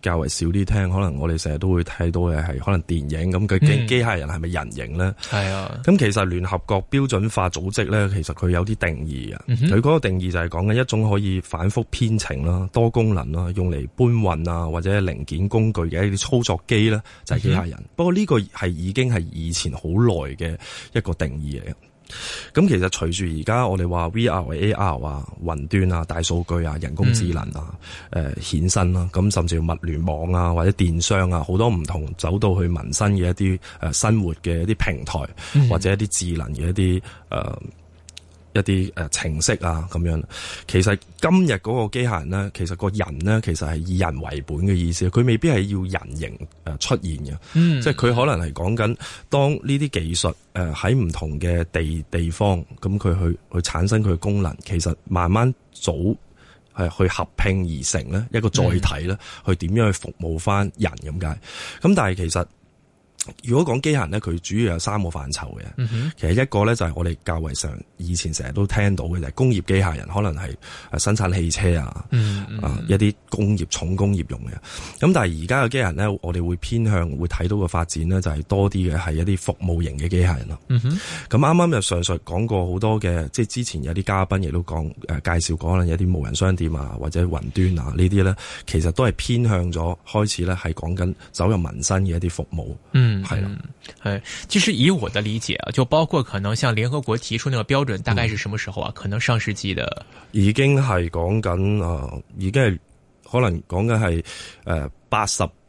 較為少啲聽，可能我哋成日都會睇到嘅係可能電影咁，佢機機械人係咪人形咧？係、嗯、啊，咁其實聯合國標準化組織咧，其實佢有啲定義啊。佢嗰個定義就係講緊一種可以反覆編程啦、多功能啦、用嚟搬運啊或者零件工具嘅一啲操作機咧，就係、是、機械人。嗯、不過呢個係已經係以前好耐嘅一個定義嚟。咁其實隨住而家我哋話 V R 或 A R 啊、雲端啊、大數據啊、人工智能啊、誒衍生啦、咁、呃、甚至物聯網啊或者電商啊，好多唔同走到去民生嘅一啲誒生活嘅一啲平台、嗯、或者一啲智能嘅一啲誒。呃一啲誒程式啊，咁樣其實今日嗰個機械人咧，其實個人咧，其實係以人為本嘅意思，佢未必係要人形誒出現嘅、嗯，即係佢可能係講緊當呢啲技術誒喺唔同嘅地地方，咁佢去去產生佢嘅功能，其實慢慢組係去合拼而成咧一個載體咧，去點樣去服務翻人咁解，咁但係其實。如果講機械人咧，佢主要有三個範疇嘅、嗯。其實一個咧就係我哋較為上以前成日都聽到嘅，就係、是、工業機械人，可能係生產汽車啊，嗯嗯嗯啊一啲工業重工業用嘅。咁但係而家嘅機械人咧，我哋會偏向會睇到嘅發展咧，就係多啲嘅係一啲服務型嘅機械人咯。咁啱啱就上述講過好多嘅，即係之前有啲嘉賓亦都講誒介紹過，可能有啲無人商店啊或者雲端啊呢啲咧，其實都係偏向咗開始咧係講緊走入民生嘅一啲服務。係、嗯嗯，其實以我的理解啊，就包括可能像聯合國提出那個標準，大概是什麼時候啊、嗯？可能上世紀的，已經係講緊，啊、呃，已經係可能講緊係誒八十。呃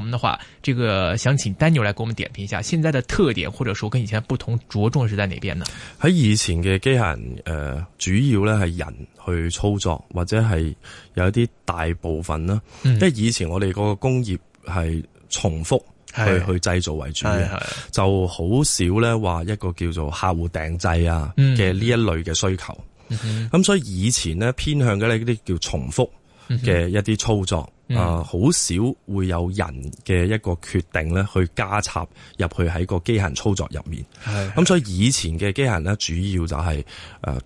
我們的話，這個想請 Daniel 來給我們點評一下現在的特點，或者說跟以前不同着重是在哪邊呢？喺以前嘅機械人，誒、呃，主要咧係人去操作，或者係有一啲大部分啦、嗯，因為以前我哋個工業係重複去去製造為主嘅，就好少咧話一個叫做客戶訂製啊嘅呢一類嘅需求。咁、嗯、所以以前呢，偏向嘅呢啲叫重複嘅一啲操作。嗯嗯啊、mm -hmm. 呃！好少會有人嘅一個決定咧，去加插入去喺個機械人操作入面。咁、嗯，所以以前嘅機械人咧，主要就係、是、誒、呃、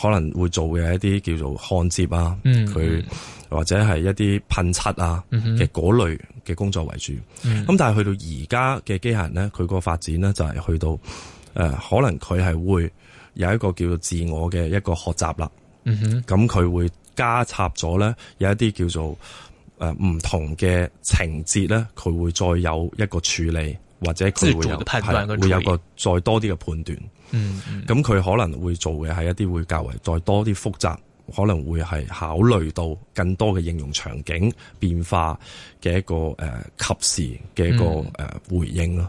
可能會做嘅一啲叫做焊接啊，佢、mm -hmm. 或者係一啲噴漆啊嘅嗰、mm -hmm. 類嘅工作為主。咁、mm -hmm. 嗯、但係去到而家嘅機械人咧，佢個發展咧就係、是、去到誒、呃、可能佢係會有一個叫做自我嘅一個學習啦。哼，咁佢會加插咗咧有一啲叫做。誒、呃，唔同嘅情節咧，佢會再有一個處理，或者佢會有、個、會有個再多啲嘅判斷。嗯，咁、嗯、佢可能會做嘅係一啲會較為再多啲複雜，可能會係考慮到更多嘅應用場景變化嘅一個誒、呃、及時嘅一個誒、嗯呃、回應咯。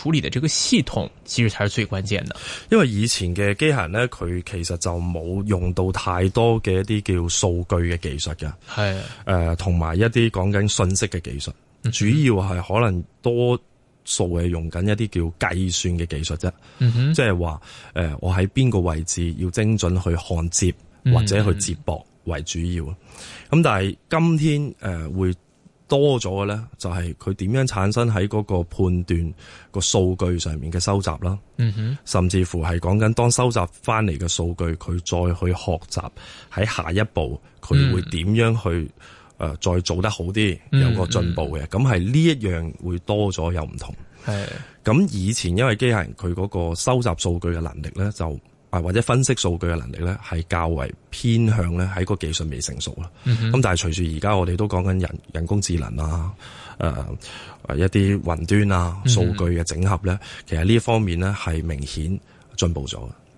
處理的這個系統其實才是最關鍵的，因為以前嘅機械人呢，佢其實就冇用到太多嘅一啲叫數據嘅技術嘅，係誒，同、呃、埋一啲講緊信息嘅技術、嗯，主要係可能多數係用緊一啲叫計算嘅技術啫，即係話誒，我喺邊個位置要精準去焊接或者去接駁為主要，咁、嗯嗯、但係今天誒、呃、會。多咗嘅咧，就係佢點樣產生喺嗰個判斷個數據上面嘅收集啦、嗯，甚至乎係講緊當收集翻嚟嘅數據，佢再去學習喺下一步佢會點樣去誒、嗯呃、再做得好啲，有個進步嘅。咁係呢一樣會多咗又唔同。係咁以前因為機械人佢嗰個收集數據嘅能力咧就。啊，或者分析數據嘅能力咧，係較為偏向咧，喺個技術未成熟啦。咁、嗯、但係隨住而家我哋都講緊人人工智能啊，誒、呃、誒一啲雲端啊數據嘅整合咧、嗯，其實呢一方面咧係明顯進步咗嘅。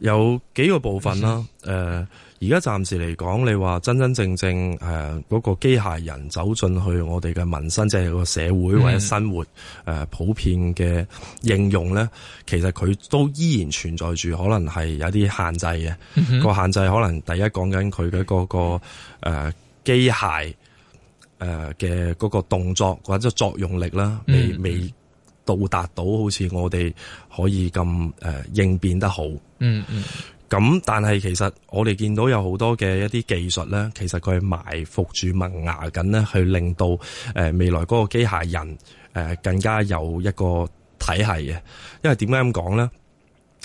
有幾個部分啦，誒、呃，而家暫時嚟講，你話真真正正誒，嗰、呃那個機械人走進去我哋嘅民生，即係個社會或者生活誒、嗯呃，普遍嘅應用咧，其實佢都依然存在住，可能係有啲限制嘅。個、嗯、限制可能第一講緊佢嘅嗰個誒機、呃、械誒嘅嗰個動作或者作用力啦，未未。嗯到達到好似我哋可以咁誒、呃、應變得好，嗯嗯，咁但係其實我哋見到有好多嘅一啲技術咧，其實佢係埋伏住萌芽緊咧，去令到誒、呃、未來嗰個機械人誒、呃、更加有一個體系嘅，因為點解咁講咧？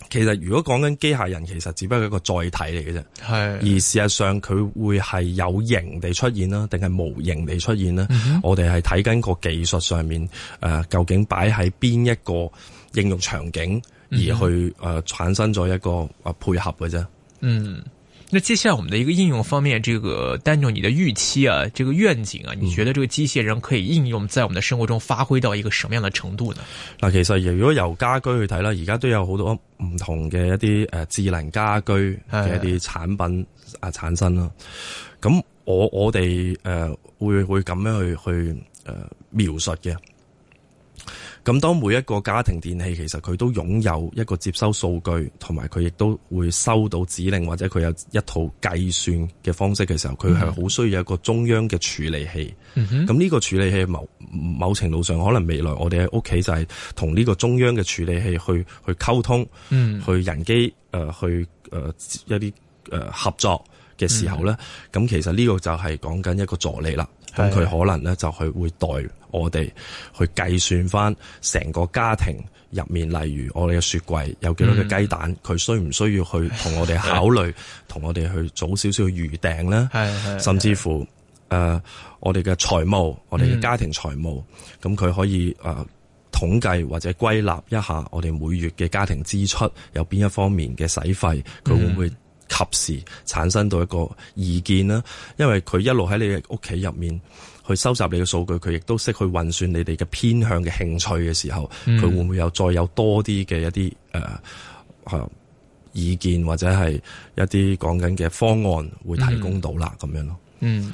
其實如果講緊機械人，其實只不過係一個載體嚟嘅啫，而事實上佢會係有形地出現啦，定係無形地出現咧？嗯。我哋係睇緊個技術上面，誒、呃，究竟擺喺邊一個應用場景，嗯，而去誒、呃、產生咗一個啊、呃、配合嘅啫。嗯。那接下來我們的一個應用方面，這個 Daniel 你的預期啊，這個願景啊，你覺得這個機械人可以應用在我們的生活中發揮到一個什麼樣的程度呢？嗱，其實如果由家居去睇啦，而家都有好多唔同嘅一啲誒智能家居嘅一啲產品啊產生啦。咁我我哋誒會會咁樣去去誒描述嘅。咁當每一個家庭電器其實佢都擁有一個接收數據，同埋佢亦都會收到指令，或者佢有一套計算嘅方式嘅時候，佢係好需要一個中央嘅處理器。咁、嗯、呢個處理器某某程度上可能未來我哋喺屋企就係同呢個中央嘅處理器去去溝通、嗯，去人機誒、呃、去誒、呃、一啲誒、呃、合作嘅時候咧，咁、嗯、其實呢個就係講緊一個助理啦。咁佢可能咧就去會代我哋去計算翻成個家庭入面，例如我哋嘅雪櫃有幾多嘅雞蛋，佢、嗯、需唔需要去同我哋考慮，同 我哋去做少少預訂咧？係係，甚至乎誒、呃，我哋嘅財務，我哋嘅家庭財務，咁、嗯、佢可以誒、呃、統計或者歸納一下我哋每月嘅家庭支出有邊一方面嘅使費，佢會唔會？及時產生到一個意見啦，因為佢一路喺你嘅屋企入面去收集你嘅數據，佢亦都識去運算你哋嘅偏向嘅興趣嘅時候，佢、嗯、會唔會有再有多啲嘅一啲誒、呃，啊意見或者係一啲講緊嘅方案會提供到啦咁樣咯。嗯。嗯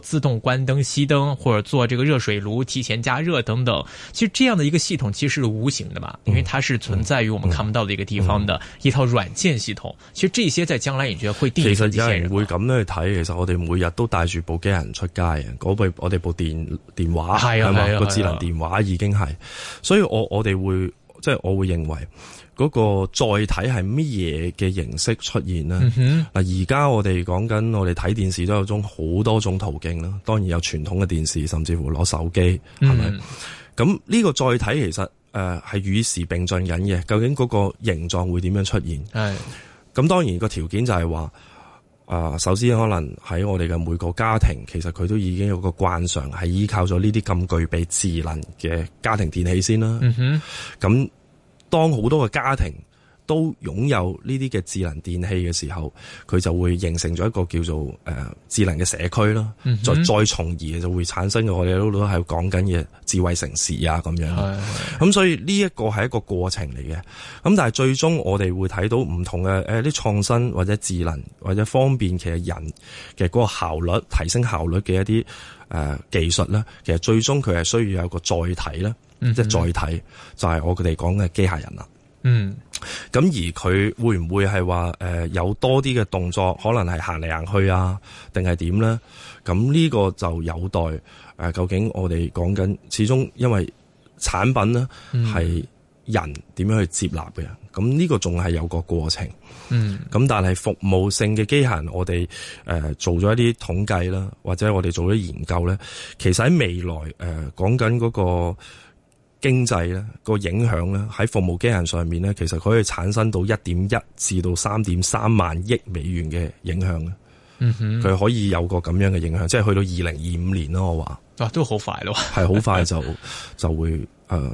自動關燈、熄燈，或者做這個熱水爐提前加熱等等，其實這樣的一個系統其實是無形的嘛，因為它是存在於我們看不到的一個地方的一套軟件系統。其實這些在將來你覺得會定義一些人。其實有人會咁樣去睇，其實我哋每日都帶住部機器人出街我啊，嗰部我哋部電電話係啊係咪個，啊、智能電話已經係，所以我我哋會即係、就是、我會認為。嗰個載體係乜嘢嘅形式出現咧？嗱，mm-hmm.，而家我哋講緊我哋睇電視都有種好多種途徑啦。當然有傳統嘅電視，甚至乎攞手機，係咪？mm-hmm. 咁呢個載體其實誒係與時並進緊嘅。究竟嗰個形狀會點樣出現？係咁，當然個條件就係話，啊、呃，首先可能喺我哋嘅每個家庭，其實佢都已經有個慣常係依靠咗呢啲咁具備智能嘅家庭電器先啦。嗯哼，mm-hmm. 咁。當好多嘅家庭都擁有呢啲嘅智能電器嘅時候，佢就會形成咗一個叫做誒智能嘅社區啦。再、嗯、再從而就會產生我哋一路都係講緊嘅智慧城市啊，咁樣。咁所以呢一個係一個過程嚟嘅。咁但係最終我哋會睇到唔同嘅誒啲創新或者智能或者方便其實人嘅嗰個效率，提升效率嘅一啲誒技術咧，其實最終佢係需要有個載體啦。即係載體，就係我哋講嘅機械人啦。嗯，咁而佢會唔會係話誒有多啲嘅動作，可能係行嚟行去啊，定係點咧？咁呢個就有待誒、啊，究竟我哋講緊，始終因為產品咧係人點樣去接納嘅，咁、嗯、呢個仲係有個過程。嗯，咁但係服務性嘅機械人，我哋誒做咗一啲統計啦，或者我哋做咗研究咧，其實喺未來誒講緊嗰個。經濟呢個影響呢，喺服務機械上面呢，其實佢可以產生到一點一至到三點三萬億美元嘅影響。嗯，佢可以有個咁樣嘅影響，即、嗯、係去到二零二五年咯。我話啊，都好快咯，係好快就 就會誒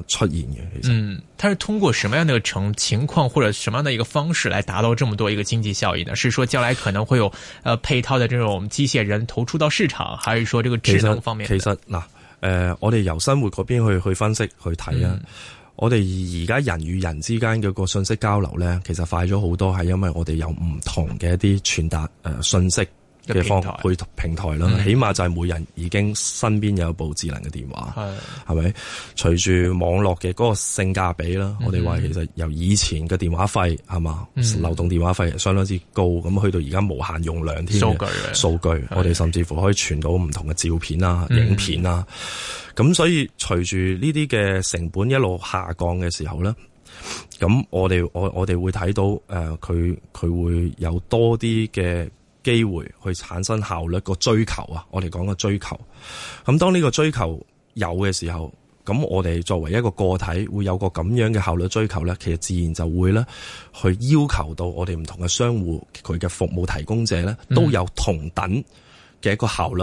出現嘅。其實嗯，它是通過什麼樣嘅情況或者什麼樣的一個方式嚟達到這麼多一個經濟效益呢？是說將來可能會有配套的這種機械人投出到市場，還是說這個智能方面？其實嗱。誒、呃，我哋由生活嗰邊去去分析去睇啊、嗯。我哋而家人與人之間嗰個信息交流咧，其實快咗好多，係因為我哋有唔同嘅一啲傳達誒信息，嘅方配平台啦、嗯，起碼就係每人已經身邊有一部智能嘅電話，係、嗯、咪？隨住網絡嘅嗰個性價比啦、嗯，我哋話其實由以前嘅電話費係嘛、嗯，流動電話費相當之高，咁、嗯、去到而家無限用量添，數據，數據，我哋甚至乎可以傳到唔同嘅照片啊、嗯、影片啊，咁、嗯、所以隨住呢啲嘅成本一路下降嘅時候咧，咁我哋我我哋會睇到誒佢佢會有多啲嘅。機會去產生效率個追求啊，我哋講個追求。咁當呢個追求有嘅時候，咁我哋作為一個個體，會有個咁樣嘅效率追求咧，其實自然就會咧，去要求到我哋唔同嘅商戶，佢嘅服務提供者咧，都有同等嘅一個效率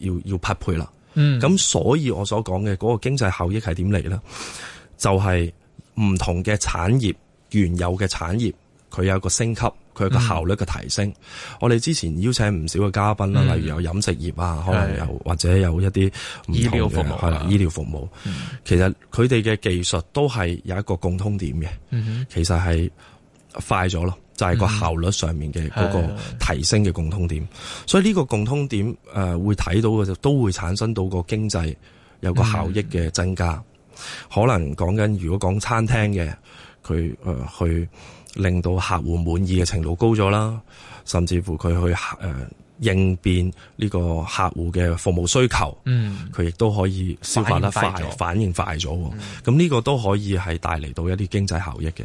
要要匹配啦。嗯，咁所以我所講嘅嗰個經濟效益係點嚟？咧？就係唔同嘅產業原有嘅產業，佢有個升級。佢個效率嘅提升，嗯、我哋之前邀請唔少嘅嘉賓啦、嗯，例如有飲食業啊，可能又或者有一啲醫療服務，係啦，醫療服務，嗯、其實佢哋嘅技術都係有一個共通點嘅、嗯，其實係快咗咯，就係、是、個效率上面嘅嗰個提升嘅共通點，嗯、所以呢個共通點誒、呃、會睇到嘅就都會產生到個經濟有個效益嘅增加，嗯、可能講緊如果講餐廳嘅佢誒去。令到客戶滿意嘅程度高咗啦，甚至乎佢去誒、呃、應變呢個客戶嘅服務需求，嗯，佢亦都可以消化得快，反應快咗，咁呢個都可以係帶嚟到一啲經濟效益嘅。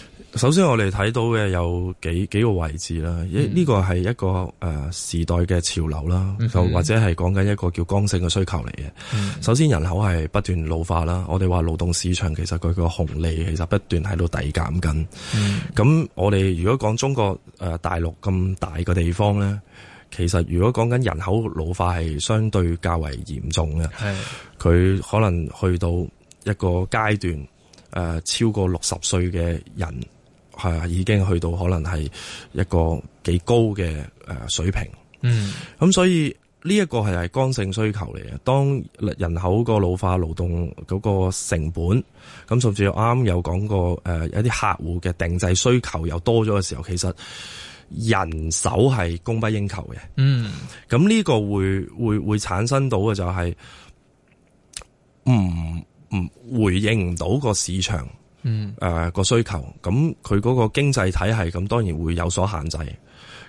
首先我哋睇到嘅有幾幾個位置啦，呢、嗯呢個係一個誒、呃、時代嘅潮流啦，就、嗯、或者係講緊一個叫剛性嘅需求嚟嘅、嗯。首先人口係不斷老化啦、嗯，我哋話勞動市場其實佢個紅利其實不斷喺度遞減緊。咁、嗯、我哋如果講中國誒、呃、大陸咁大個地方咧，其實如果講緊人口老化係相對較為嚴重嘅，佢可能去到一個階段。誒，超過六十歲嘅人係已經去到可能係一個幾高嘅誒水平。嗯，咁所以呢一個係係剛性需求嚟嘅。當人口個老化，勞動嗰個成本，咁甚至我啱有講過，誒，有啲客戶嘅定製需求又多咗嘅時候，其實人手係供不應求嘅。嗯，咁呢個會會會產生到嘅就係、是、唔。嗯唔回應唔到個市場，嗯，誒個需求，咁佢嗰個經濟體系，咁當然會有所限制。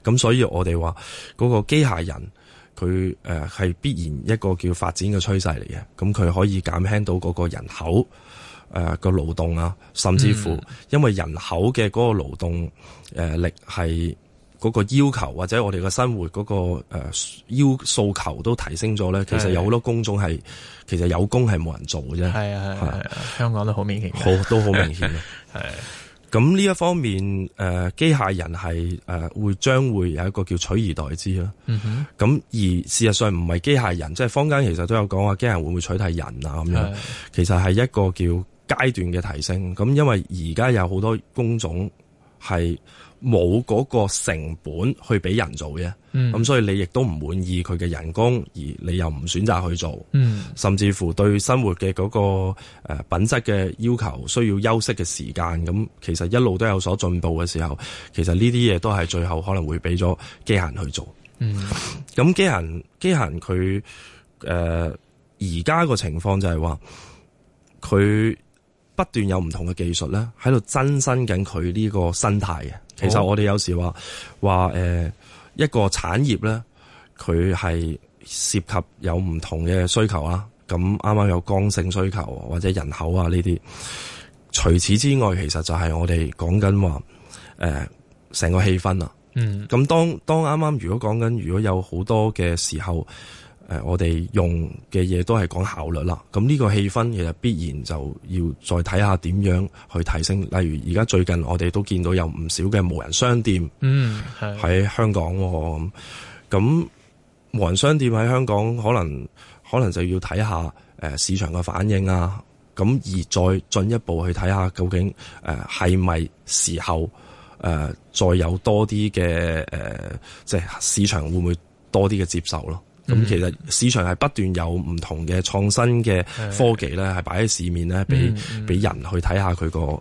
咁所以我哋話嗰個機械人，佢誒係必然一個叫發展嘅趨勢嚟嘅。咁佢可以減輕到嗰個人口誒個勞動啊，甚至乎因為人口嘅嗰個勞動力係。嗰、那個要求或者我哋嘅生活嗰、那個、呃、要求訴求都提升咗咧，其實有好多工種係其實有工係冇人做嘅啫，係啊，香港都好明顯，好都好明顯嘅。咁 呢一方面，誒、呃、機械人係誒會將會有一個叫取而代之啦。咁、嗯、而事實上唔係機械人，即、就、係、是、坊間其實都有講話機械人會唔會取代人啊咁樣，其實係一個叫階段嘅提升。咁因為而家有好多工種。係冇嗰個成本去俾人做嘅，咁、嗯、所以你亦都唔滿意佢嘅人工，而你又唔選擇去做、嗯，甚至乎對生活嘅嗰個誒品質嘅要求，需要休息嘅時間，咁其實一路都有所進步嘅時候，其實呢啲嘢都係最後可能會俾咗機械人去做。咁機械人，機械人佢誒而家個情況就係話佢。不斷有唔同嘅技術咧，喺度增生緊佢呢個生態嘅。其實我哋有時話話誒，哦、一個產業咧，佢係涉及有唔同嘅需求啦。咁啱啱有剛性需求或者人口啊呢啲。除此之外，其實就係我哋講緊話誒，成個氣氛啊。嗯。咁當當啱啱如果講緊，如果有好多嘅時候。誒、呃，我哋用嘅嘢都係講效率啦。咁呢個氣氛其實必然就要再睇下點樣去提升。例如而家最近我哋都見到有唔少嘅無人商店，嗯，係喺香港咁、哦。無人商店喺香港可能可能就要睇下誒市場嘅反應啊。咁而再進一步去睇下究竟誒係咪時候誒、呃、再有多啲嘅誒即係市場會唔會多啲嘅接受咯？咁其實市場係不斷有唔同嘅創新嘅科技咧，係擺喺市面咧，俾俾人去睇下佢個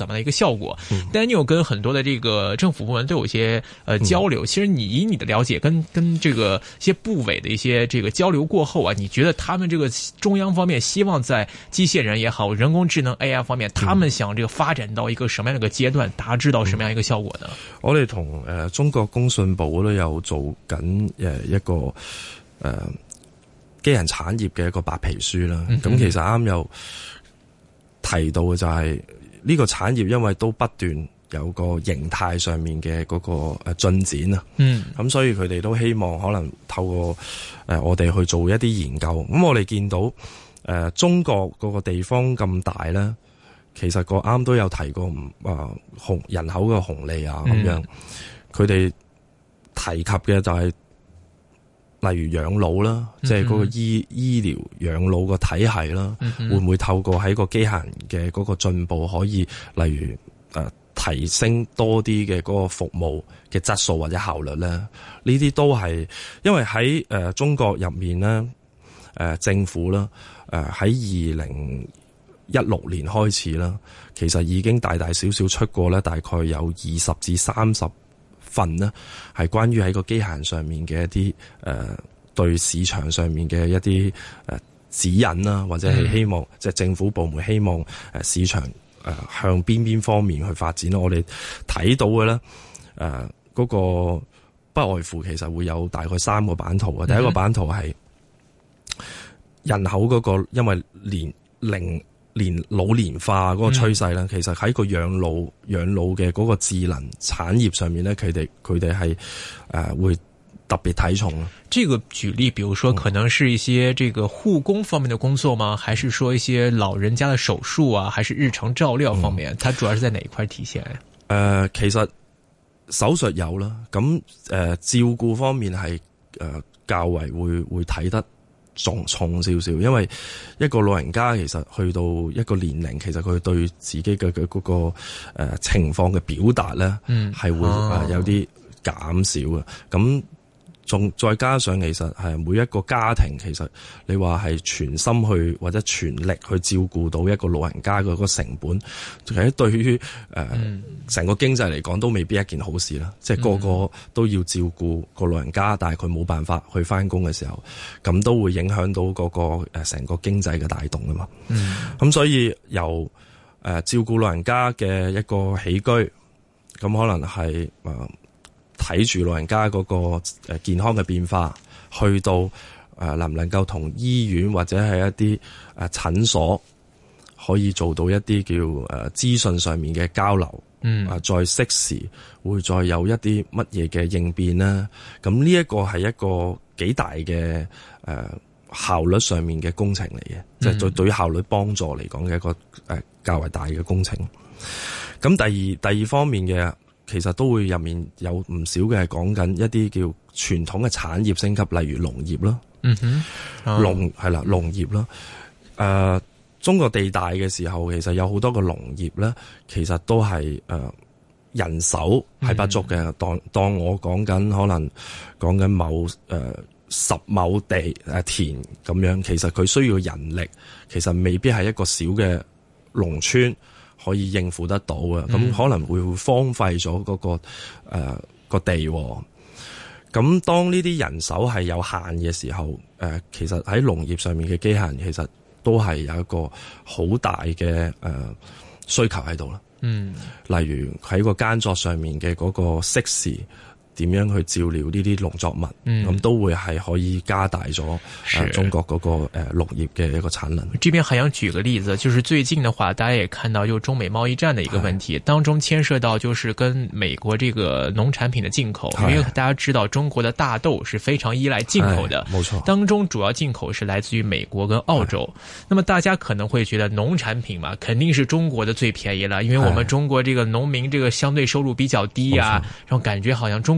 怎麼樣一個效果 Daniel 跟很多的這個政府部門都有一些，呃交流。其實你以你的了解，跟跟這個一些部委的一些這個交流過後啊，你覺得他們這個中央方面希望在機械人也好，人工智能 AI 方面，他們想這個發展到一個什麼樣一個階段？達至到什麼樣的一個效果呢？我哋同誒中國工信部都有做緊誒一個誒機器人產業嘅一個白皮書啦。咁、嗯、其實啱有提到嘅就係、是。呢、這個產業因為都不斷有個形態上面嘅嗰個誒進展啊，咁、嗯、所以佢哋都希望可能透過誒我哋去做一啲研究。咁我哋見到誒、呃、中國嗰個地方咁大咧，其實個啱都有提過唔啊紅人口嘅紅利啊咁樣，佢、嗯、哋提及嘅就係、是。例如養老啦，即係嗰個醫醫療養老個體系啦、嗯，會唔會透過喺個機械人嘅嗰個進步，可以例如誒提升多啲嘅嗰個服務嘅質素或者效率咧？呢啲都係因為喺誒中國入面咧，誒政府啦，誒喺二零一六年開始啦，其實已經大大小小出過咧，大概有二十至三十份呢，係關於喺個機械上面嘅一啲誒，對市場上面嘅一啲誒指引啦，或者係希望即係、就是、政府部門希望誒市場誒向邊邊方面去發展。我哋睇到嘅咧誒，嗰、那個不外乎其實會有大概三個版圖、mm -hmm。第一個版圖係人口嗰、那個，因為年齡。年老年化嗰個趨勢咧，其實喺個養老養老嘅嗰個智能產業上面咧，佢哋佢哋係誒會特別睇重。呢、這個舉例，比如說、嗯、可能是一些這個護工方面的工作嗎？還是說一些老人家的手術啊，還是日常照料方面、嗯？它主要是在哪一塊體現？誒、嗯呃，其實手術有啦，咁誒、呃、照顧方面係誒較為會會睇得。重重少少，因為一個老人家其實去到一個年齡，其實佢對自己嘅嘅嗰個誒情況嘅表達咧，係會誒有啲減少嘅，咁、哦。仲再加上，其實係每一個家庭，其實你話係全心去或者全力去照顧到一個老人家嘅個成本，其實對於成、呃嗯、個經濟嚟講都未必一件好事啦。即係個個都要照顧個老人家，但係佢冇辦法去翻工嘅時候，咁都會影響到嗰、那個成、呃、個經濟嘅帶動啊嘛。咁、嗯嗯、所以由誒、呃、照顧老人家嘅一個起居，咁可能係誒。呃睇住老人家嗰個誒健康嘅變化，去到誒能唔能夠同醫院或者係一啲誒診所可以做到一啲叫誒資訊上面嘅交流，嗯啊，再適時會再有一啲乜嘢嘅應變啦。咁呢一個係一個幾大嘅誒效率上面嘅工程嚟嘅，即、嗯、係、就是、對對於效率幫助嚟講嘅一個誒較為大嘅工程。咁第二第二方面嘅。其實都會入面有唔少嘅，係講緊一啲叫傳統嘅產業升級，例如農業啦、mm -hmm. oh.，農係啦農業啦。誒、呃，中國地大嘅時候，其實有好多個農業咧，其實都係誒、呃、人手係不足嘅、mm -hmm.。當當我講緊可能講緊某誒、呃、十畝地誒田咁樣，其實佢需要人力，其實未必係一個小嘅農村可以應付得到嘅，咁可能會荒廢咗嗰、嗰個誒個地。咁、嗯呃、當呢啲人手係有限嘅時候，呃、其實喺農業上面嘅機械人其實都係有一個好大嘅誒、呃、需求喺度啦。嗯，例如喺個耕作上面嘅嗰個適時。點樣去照料呢啲農作物？咁、嗯、都會係可以加大咗中國嗰個誒農業嘅一個產能。呢邊還想舉個例子，就是最近的話，大家也看到就中美貿易戰的一個問題，當中牽涉到就是跟美國這個農產品的進口，因為大家知道中國的大豆是非常依賴進口的，冇錯。當中主要進口是來自於美國跟澳洲。那麼大家可能會覺得農產品嘛，肯定是中國的最便宜啦，因為我們中國這個農民這個相對收入比較低呀、啊，然後感覺好像中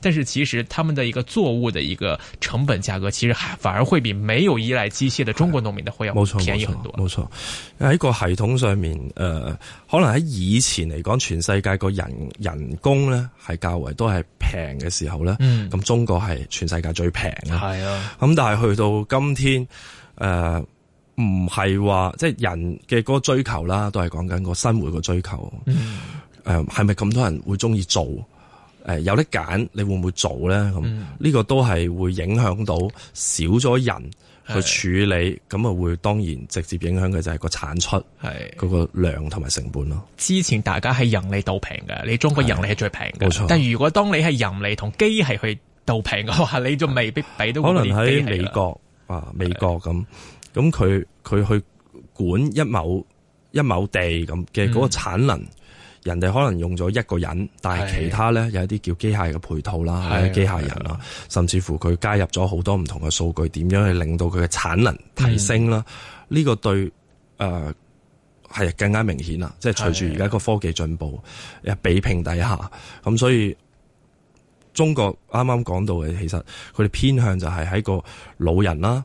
但是其實他們的一個作物的一個成本價格，其實反而會比沒有依賴機械的中國農民的會要便，便宜很多。沒錯。喺個系統上面，誒，可能喺以前嚟講，全世界個人人工咧係較為都係平嘅時候咧，咁、嗯、中國係全世界最平啊。係啊，咁但係去到今天，誒、呃，唔係話即係人嘅嗰個追求啦，都係講緊個生活個追求。誒，係咪咁多人會中意做？誒有得揀，你會唔會做咧？咁、嗯、呢個都係會影響到少咗人去處理，咁啊會當然直接影響嘅就係個產出，係嗰、那個量同埋成本咯。之前大家係人力鬥平嘅，你中國人力係最平嘅。冇錯。但係如果當你係人力同機械去鬥平嘅話，你就未必比到。可能喺美國啊，美國咁咁佢佢去管一畝一畝地咁嘅嗰個產能。嗯人哋可能用咗一個人，但係其他咧、啊、有一啲叫機械嘅配套啦，機、啊、械人啦，啊、甚至乎佢加入咗好多唔同嘅數據，點樣去令到佢嘅產能提升啦？呢、啊、個對誒係、呃、更加明顯啦，即係隨住而家個科技進步，誒、啊、比拼底下，咁所以中國啱啱講到嘅，其實佢哋偏向就係喺個老人啦，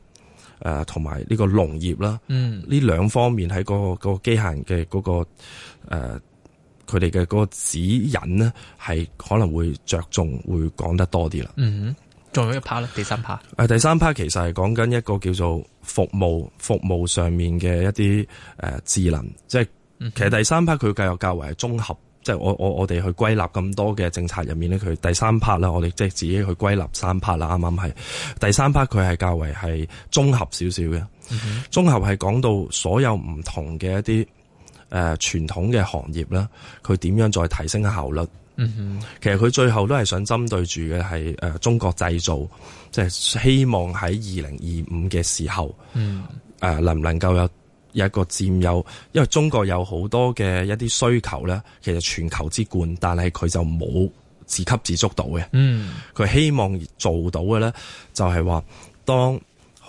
誒同埋呢個農業啦，呢、嗯、兩方面喺、個、個機械人嘅嗰、個誒。呃佢哋嘅嗰個指引呢，係可能會着重會講得多啲啦。嗯，仲有一 part 咧，第三 part。誒、啊，第三 part 其實係講緊一個叫做服務服務上面嘅一啲誒智能，即係嗯、其實第三 part 佢計較較為綜合。即係我我我哋去歸納咁多嘅政策入面咧，佢第三 part 啦，我哋即係自己去歸納三 part 啦。啱啱係第三 part，佢係較為係綜合少少嘅。嗯，綜合係講到所有唔同嘅一啲。誒、呃，傳統嘅行業咧，佢點樣再提升效率？嗯哼，其實佢最後都係想針對住嘅係誒，中國製造，即係希望喺二零二五嘅時候，嗯，誒，能唔能夠有有一個佔有？因為中國有好多嘅一啲需求咧，其實全球之冠，但係佢就冇自給自足到嘅。嗯，佢希望做到嘅咧，就係話當。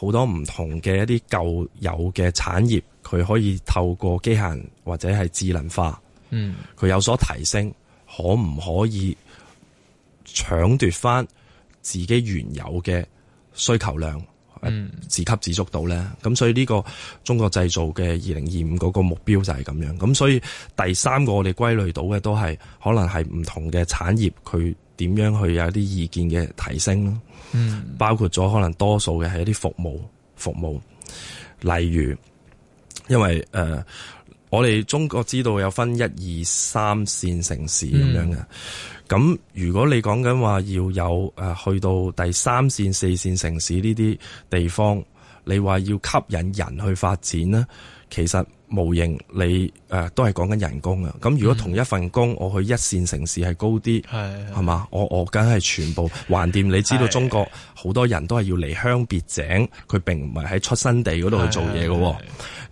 好多唔同嘅一啲舊有嘅產業，佢可以透過機械或者係智能化，嗯，佢有所提升，可唔可以搶奪翻自己原有嘅需求量，嗯，自給自足到咧？咁、嗯、所以呢個中國製造嘅二零二五嗰個目標就係咁樣。咁所以第三個我哋歸類到嘅都係可能係唔同嘅產業，佢點樣去有啲意見嘅提升咯？嗯，包括咗可能多數嘅係一啲服務，服務，例如，因為誒、呃，我哋中國知道有分一二三線城市咁、嗯、樣嘅，咁如果你講緊話要有誒去到第三線、四線城市呢啲地方，你話要吸引人去發展呢，其實。模型你誒、呃、都係講緊人工啊！咁如果同一份工，嗯、我去一線城市係高啲，係係嘛？我我梗係全部橫掂。你知道中國好多人都係要離鄉別井，佢並唔係喺出生地嗰度去做嘢嘅。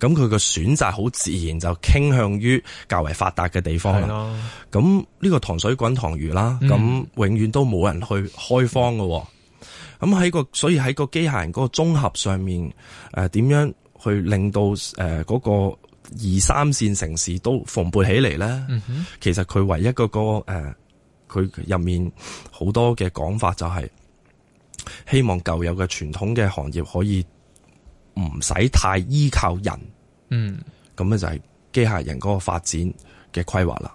咁佢嘅選擇好自然就傾向於較為發達嘅地方啦。咁呢個塘水滾塘魚啦，咁、嗯、永遠都冇人去開荒嘅。咁喺個所以喺個機械人嗰個綜合上面，誒、呃、點樣去令到誒嗰、呃那個。二三線城市都蓬勃起嚟咧、嗯，其實佢唯一、嗰個個誒佢入面好多嘅講法就係希望舊有嘅傳統嘅行業可以唔使太依靠人，嗯，咁咧就係機械人個發展嘅規劃啦。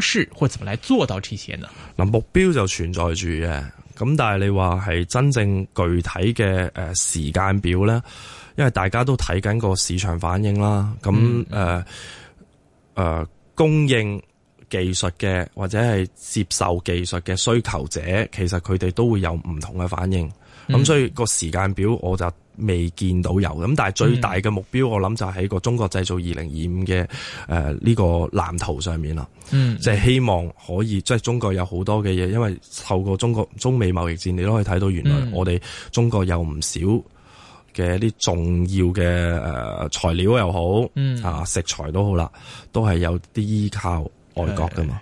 是或怎麼來做到這些呢？嗱，目標就存在住嘅，咁但係你話係真正具體嘅誒時間表呢？因為大家都睇緊個市場反應啦，咁誒誒供應技術嘅或者係接受技術嘅需求者，其實佢哋都會有唔同嘅反應，咁、嗯、所以個時間表我就。未見到有咁，但係最大嘅目標，嗯、我諗就係喺個中國製造二零二五嘅誒呢個藍圖上面啦。嗯，即、就、係、是、希望可以即係、就是、中國有好多嘅嘢，因為透過中國中美貿易戰，你都可以睇到原來我哋中國有唔少嘅一啲重要嘅誒、呃、材料又好，嗯、啊食材都好啦，都係有啲依靠外國噶嘛。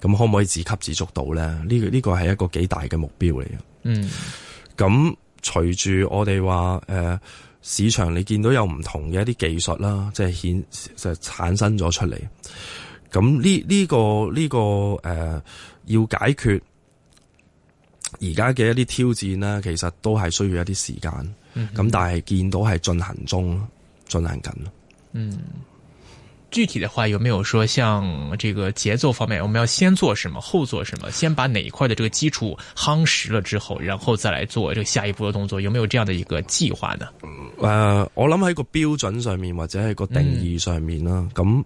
咁、嗯、可唔可以自給自足到咧？呢、這個呢、這個係一個幾大嘅目標嚟嘅。嗯，咁。隨住我哋話誒，市場你見到有唔同嘅一啲技術啦，即係顯即係產生咗出嚟。咁呢呢個呢、呢個誒、呃，要解決而家嘅一啲挑戰咧，其實都係需要一啲時間。咁、嗯、但係見到係進行中，進行緊咯。嗯。具體的話，有沒有說像這個節奏方面，我們要先做什麼，後做什麼？先把哪一塊的這個基礎夯實了之後，然後再來做這下一步的動作，有沒有這樣的一個計劃呢？呃，我諗喺個標準上面或者喺個定義上面啦，咁、嗯、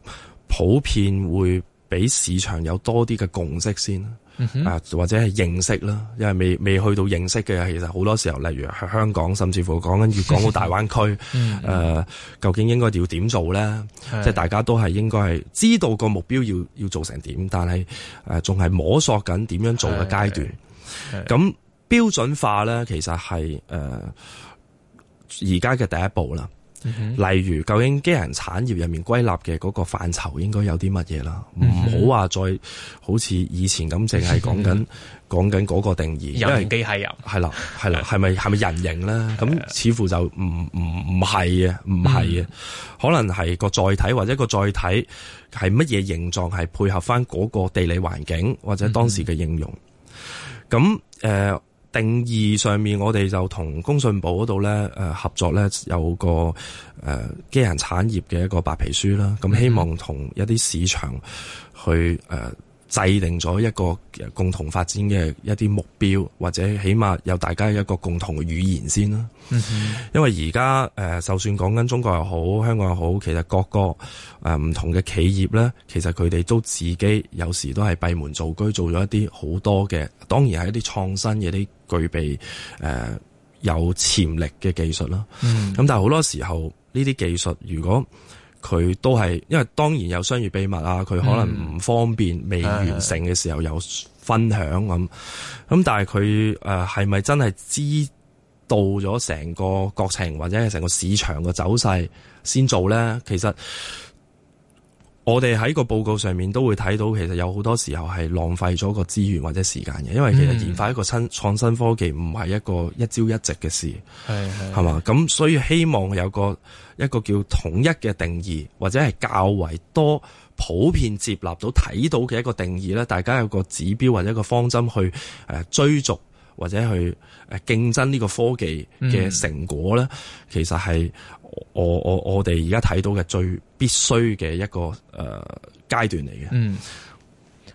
普遍會。俾市場有多啲嘅共識先，嗯、啊或者係認識啦，因為未未去到認識嘅，其實好多時候，例如香港甚至乎講緊粵港澳大灣區、 呃，究竟應該要點做咧？即係大家都係應該係知道個目標要要做成點，但係呃，仲係摸索緊點樣做嘅階段。咁標準化咧，其實係誒而家嘅第一步啦。例如，究竟機械人產業入面歸納嘅嗰個範疇應該有啲乜嘢啦？唔、嗯、好話再好似以前咁，淨係講緊講緊嗰個定義。有機有是是是是人形機械人係啦，係啦，係咪係咪人形咧？咁似乎就唔唔唔係嘅，唔係嘅，可能係個載體或者個載體係乜嘢形狀，係配合翻嗰個地理環境、嗯、或者當時嘅應用。咁誒。呃定義上面，我哋就同工信部嗰度咧，合作咧，有個誒機、呃、機器人產業嘅一個白皮書啦。咁希望同一啲市場去誒，呃制定咗一個共同發展嘅一啲目標，或者起碼有大家一個共同嘅語言先啦。Mm -hmm. 因為而家誒，就、呃、算講緊中國又好，香港又好，其實各個誒唔、呃、同嘅企業咧，其實佢哋都自己有時都係閉門造車，做咗一啲好多嘅，當然係一啲創新嘅、啲具備誒、呃、有潛力嘅技術啦。咁、mm -hmm. 但係好多時候呢啲技術，如果佢都係，因為當然有商業秘密啊，佢可能唔方便、嗯、未完成嘅時候有分享咁，咁但係佢誒係咪真係知道咗成個國情，或者係成個市場嘅走勢先做呢？其實。我哋喺個報告上面都會睇到，其實有好多時候係浪費咗個資源或者時間嘅，因為其實研發一個新創新科技唔係一個一朝一夕嘅事，係係，係嘛？咁所以希望有一個一個叫統一嘅定義，或者係較為多普遍接納到睇到嘅一個定義咧，大家有個指標或者一個方針去誒追逐。或者去誒競爭呢個科技嘅成果咧，其實係我我我哋而家睇到嘅最必須嘅一個誒階段嚟嘅。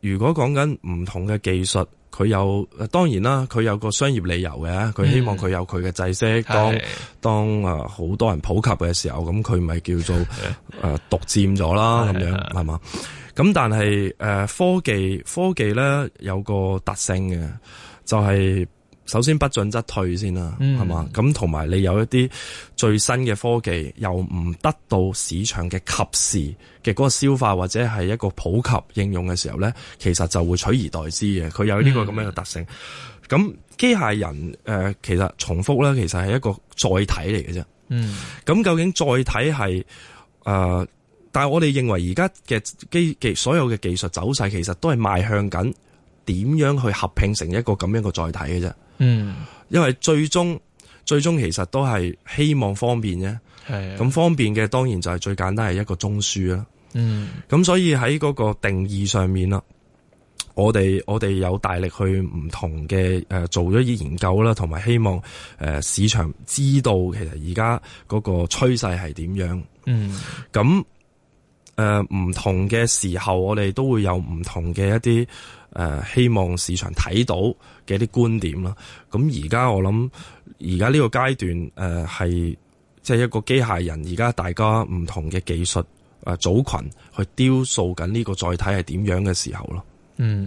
如果講緊唔同嘅技術，佢有當然啦，佢有個商業理由嘅，佢希望佢有佢嘅制式、嗯。當當啊，好多人普及嘅時候，咁佢咪叫做誒獨佔咗啦，咁、呃、樣係嘛？咁但係誒、呃、科技科技咧有個特性嘅，就係、是。首先不進則退先啦，係、嗯、嘛？咁同埋你有一啲最新嘅科技，又唔得到市場嘅及時嘅嗰個消化，或者係一個普及應用嘅時候咧，其實就會取而代之嘅。佢有呢個咁樣嘅特性。咁、嗯、機械人誒、呃，其實重複咧，其實係一個載體嚟嘅啫。嗯。咁究竟載體係誒、呃？但係我哋認為而家嘅機技所有嘅技術走勢，其實都係邁向緊點樣去合併成一個咁樣嘅載體嘅啫。嗯，因為最終最終其實都係希望方便啫，咁方便嘅當然就係最簡單係一個中樞啦。嗯，咁所以喺嗰個定義上面啦，我哋我哋有大力去唔同嘅誒、呃、做咗啲研究啦，同埋希望誒、呃、市場知道其實而家嗰個趨勢係點樣。嗯，咁。誒、呃，唔同嘅時候，我哋都會有唔同嘅一啲誒、呃，希望市場睇到嘅啲觀點啦。咁而家我諗，而家呢個階段誒，係即係一個機械人，而家大家唔同嘅技術誒、呃、組群去雕塑緊呢個載體係點樣嘅時候咯。嗯。